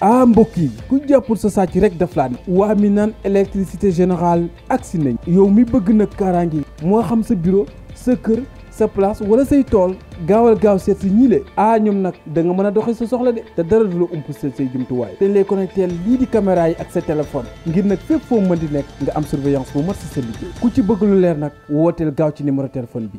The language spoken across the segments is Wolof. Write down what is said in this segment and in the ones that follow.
ah mbokk yi ku jàppul sa sàcc rek daf laa ne waa mi naan électricité ak si nañ yow mi bëgg nag kaaraange moo xam sa bureau sa kër sa place wala say tool gaawal gaaw seet si ñi le ah, ñoom nag da nga mën a doxee sa soxla de te dara du la ump seet say jumtuwaay te ñu lay connecté lii di caméra yi ak sa téléphone ngir nag fépp foo mën di nekk nga am surveillance bu mat si sa liggéey ku ci bëgg lu leer nag wooteel gaaw ci numéro téléphone bi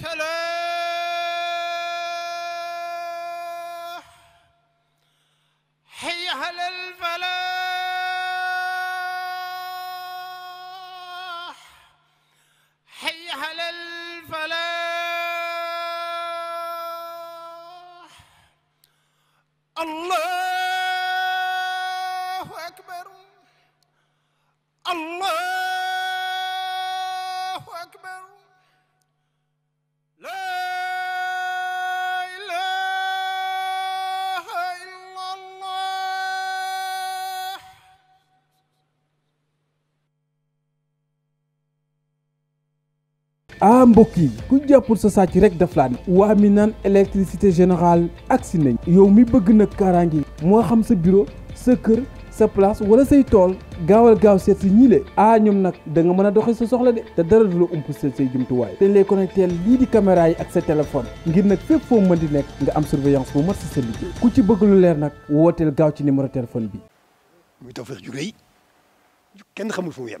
الفلاح حي على الفلاح حي على الفلاح الله ah mbokk yi ku jàppul sa sàcc rek daf laa ne waa mi naan électricité générale si nañ yow mi bëgg nag kaaraange moo xam sa bureau sa kër sa place wala say tool gaawal gaaw seet si ñii le ah ñoom nag danga mën a doxee sa soxla de te dara du la umpaseel say jumtuwaay te ñu lay connecteel lii di caméra yi ak sa téléphone ngir nag fépp foo mën di nekk nga am surveillance bu mat si sa liggéey ku ci bëgg lu leer nag wooteel gaaw ci numéro téléphone bi. muy Tawfekh ju rëy yem.